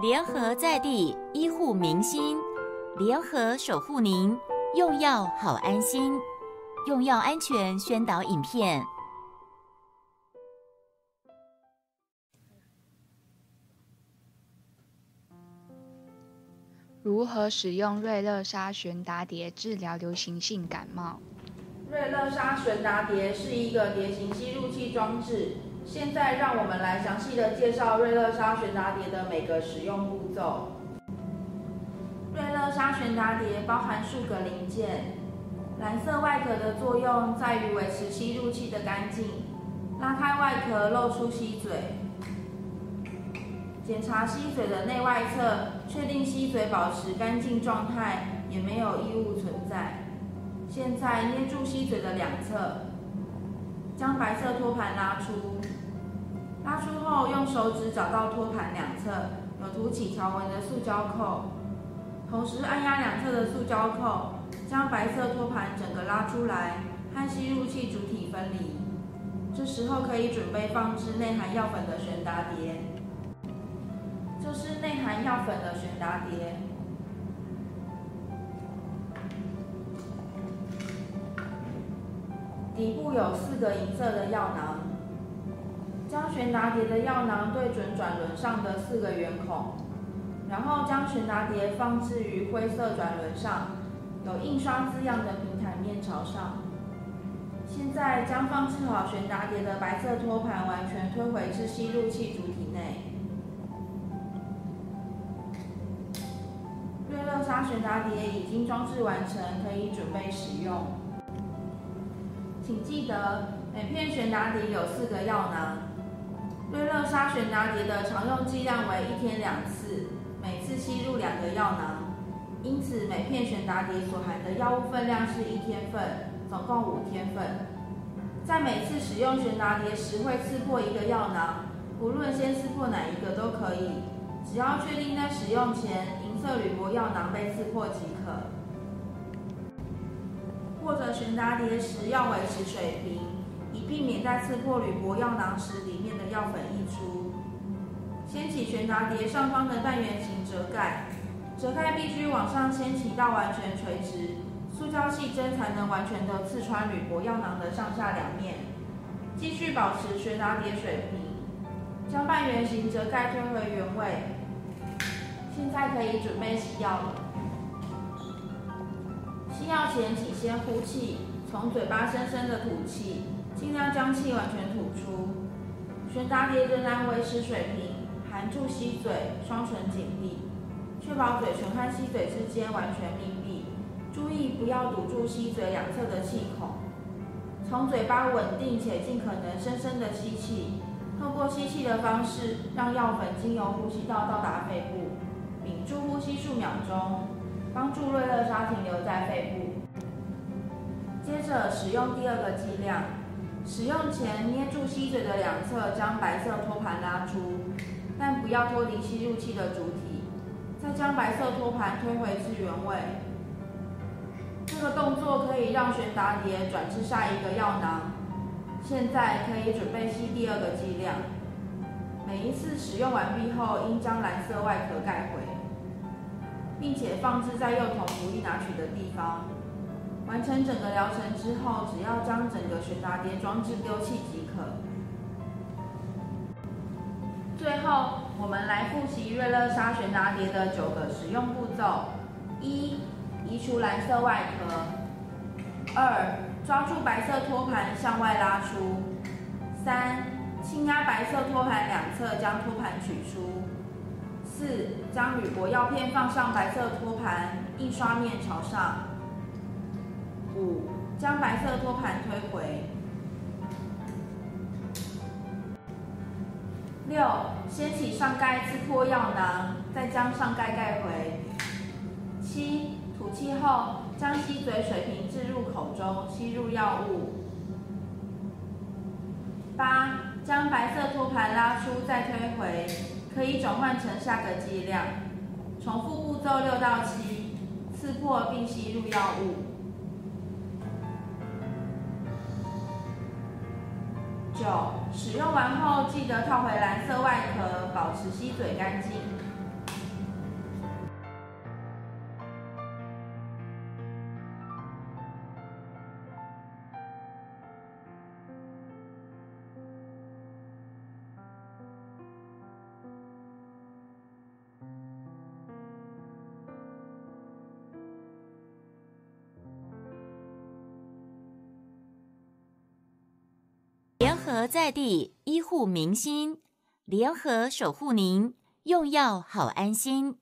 聯合在地醫護民心，聯合守護您，用藥好安心，用藥安全宣導影片。如何使用瑞樂沙旋達碟治療流行性感冒？瑞樂沙旋達碟是一個碟型吸入器裝置。現在讓我們來詳細的介紹瑞樂沙旋達碟的每個使用步驟。瑞樂沙旋達碟包含數個零件，藍色外殼的作用在於維持吸入器的乾淨。拉開外殼，露出吸嘴，檢查吸嘴的內外側，確定吸嘴保持乾淨狀態，也沒有異物存在。現在捏住吸嘴的兩側，將白色托盤拉出。拉出後，用手指找到托盤兩側有凸起條紋的塑膠扣，同時按壓兩側的塑膠扣，將白色托盤整個拉出來，和吸入器主體分離。這時候可以準備放置內含藥粉的旋達碟，這是內含藥粉的旋達碟，底部有四個銀色的藥囊。將旋達碟的藥囊對準轉輪上的四個圓孔，然後將旋達碟放置於灰色轉輪上，有印刷字樣的平台面朝上。現在將放置好旋達碟的白色托盤完全推回至吸入器主體內。瑞樂沙旋達碟已經裝置完成，可以準備使用。請記得，每片旋達碟有四個藥囊。瑞樂沙旋達碟的常用劑量為一天兩次，每次吸入兩個藥囊，因此每片旋達碟所含的藥物分量是一天份，總共五天份。在每次使用旋達碟時會刺破一個藥囊，不論先刺破哪一個都可以，只要確定在使用前銀色鋁箔藥囊被刺破即可。握著旋達碟時要維持水平。以避免在刺破鋁箔藥囊時，裡面的藥粉溢出。掀起旋達碟上方的半圓形折蓋，折蓋必須往上掀起到完全垂直，塑膠細針才能完全地刺穿鋁箔藥囊的上下兩面。繼續保持旋達碟水平，將半圓形折蓋推回原位。現在可以準備吸藥了。吸藥前，請先呼氣，從嘴巴深深的吐氣。盡量將氣完全吐出，旋達碟仍然維持水平，含住吸嘴，雙唇緊閉，確保嘴唇和吸嘴之間完全密閉，注意不要堵住吸嘴兩側的氣孔。從嘴巴穩定且盡可能深深的吸氣，透過吸氣的方式讓藥粉經由呼吸道到達肺部，屏住呼吸數秒鐘，幫助瑞樂沙停留在肺部。接着使用第二個劑量。使用前捏住吸嘴的兩側，將白色托盤拉出，但不要脫離吸入器的主體，再將白色托盤推回至原位。這個動作可以讓旋達碟轉至下一個藥囊。現在可以準備吸第二個劑量。每一次使用完畢後，應將藍色外殼蓋蓋回，並且放置在幼童不易拿取的地方。完成整個療程之後，只要將整個旋達碟裝置丟棄即可。最後，我們來複習瑞樂沙旋達碟的九個使用步驟：一、移除藍色外殼；二、抓住白色托盤向外拉出；三、輕壓白色托盤兩側將托盤取出；四、將鋁箔藥片放上白色托盤，印刷面朝上。五，將白色托盤推回。六，掀起上蓋刺破藥囊，再將上蓋蓋回。七，吐氣後將吸嘴水平置入口中吸入藥物。八，將白色托盤拉出再推回，可以轉換成下個劑量。重複步驟六到七，刺破並吸入藥物。九，使用完後記得套回藍色外殼，保持吸嘴乾淨。和在地醫護民心，聯合守護您用藥好安心。